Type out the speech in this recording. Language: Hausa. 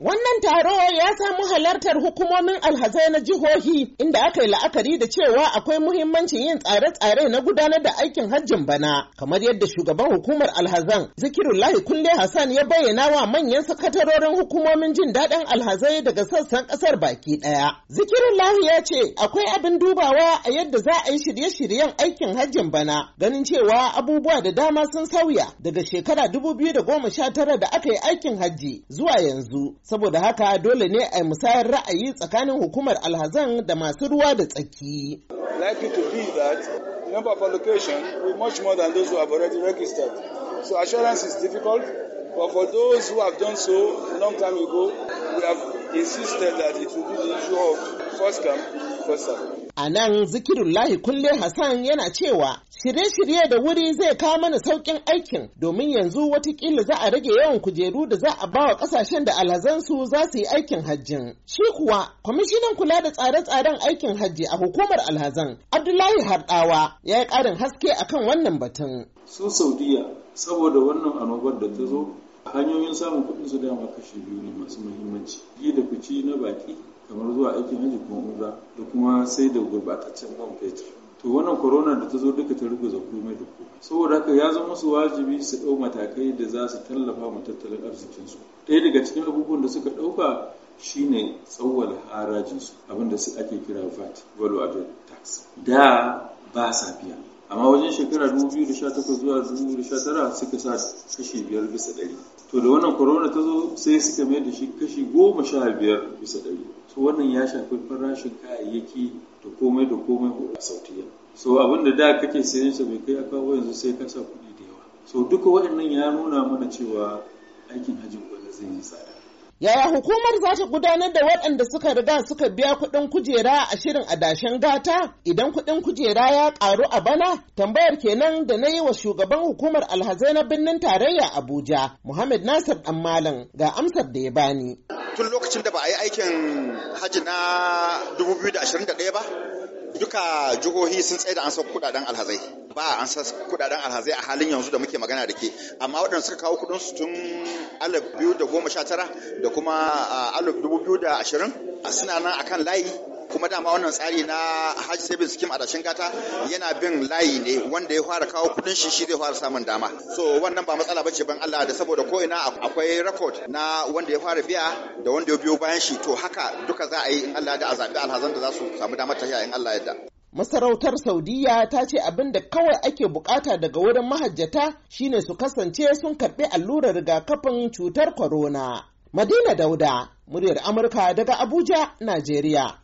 Wannan taro ya samu halartar hukumomin alhazai na jihohi inda aka yi la'akari da cewa akwai muhimmancin yin tsare-tsare na gudanar da aikin hajjin bana, kamar yadda shugaban hukumar alhazan zikirullahi kulle Hassan ya bayyana wa manyan sakatarorin hukumomin jin daɗin alhazai daga sassan ƙasar baki ɗaya. Zikirullahi ya ce akwai abin dubawa a yadda za a yi shirye-shiryen aikin hajjin bana, ganin cewa abubuwa da dama sun sauya daga shekara dubu biyu da goma sha tara da aka yi aikin hajji zuwa yanzu. saboda haka dole ne a musayar ra'ayi tsakanin hukumar alhazan da masu ruwa da tsaki. to be that number of allocation will much more than those who have already registered. A nan zikirullahi kulle Hassan yana cewa Shirye-shirye da wuri zai kawo mana sauƙin aikin domin yanzu watakila za a rage yawan kujeru da za a ba wa ƙasashen da alhazansu za su yi aikin hajjin. Shi kuwa, kwamishinan kula da tsare-tsaren aikin hajji a hukumar alhazan, Abdullahi Harɗawa ya yi ƙarin haske a kan wannan batun. Su Saudiya, saboda wannan annobar da ta zo, hanyoyin samun kuɗin su dama kashe biyu ne masu muhimmanci. Yi da fici na baƙi kamar zuwa aikin hajji kuma umra da kuma sai da gurbataccen man fetur. to wannan corona da ta zo duka ta ruguza komai da komai saboda haka ya zama su wajibi su ɗau matakai da za su tallafa mu tattalin arzikinsu ɗaya daga cikin abubuwan da suka ɗauka shine haraji harajinsu abinda su ake kira VAT value added tax da ba sa biya amma wajen shekara 2018 zuwa 2019 suka sa kashi biyar bisa ɗari, to da wannan corona ta zo sai suka mai da shi kashi 15 bisa ɗari. so wannan ya shafi farashin kayayyaki da komai da komai a sautiya so abin da da kake sayan sa bai kai a kawo yanzu sai ka sa kuɗi da yawa so duka waɗannan ya nuna mana cewa aikin hajjin gwada zai yi tsada yaya hukumar za ta gudanar da waɗanda suka riga suka biya kuɗin kujera a shirin adashen gata idan kuɗin kujera ya ƙaru a bana tambayar kenan da na yi wa shugaban hukumar alhazai na birnin tarayya abuja muhammad nasir dan malam ga amsar da ya bani tun lokacin da ba a yi aikin hajji na 2021 ba duka jihohi sun tsaye da an san kudaden alhazai ba an san kudaden alhazai a halin yanzu da muke magana da ke amma waɗanda suka kawo kudin su tun alif biyu da da kuma alif dubu biyu da ashirin suna nan akan layi kuma dama wannan tsari na hajji savings scheme a dashin gata yana bin layi ne wanda ya fara kawo kudin shi shi zai fara samun dama so wannan ba matsala bace ban Allah da saboda ko ina akwai record na wanda ya fara biya da wanda ya biyo bayan shi to haka duka za a yi in Allah da a zabi alhazan da za su samu damar tafiya in Allah ya Masarautar Saudiya ta ce abin da kawai ake bukata daga wurin mahajjata shine su kasance sun karɓi allurar rigakafin cutar corona. Madina Dauda, muryar Amurka daga Abuja, Najeriya.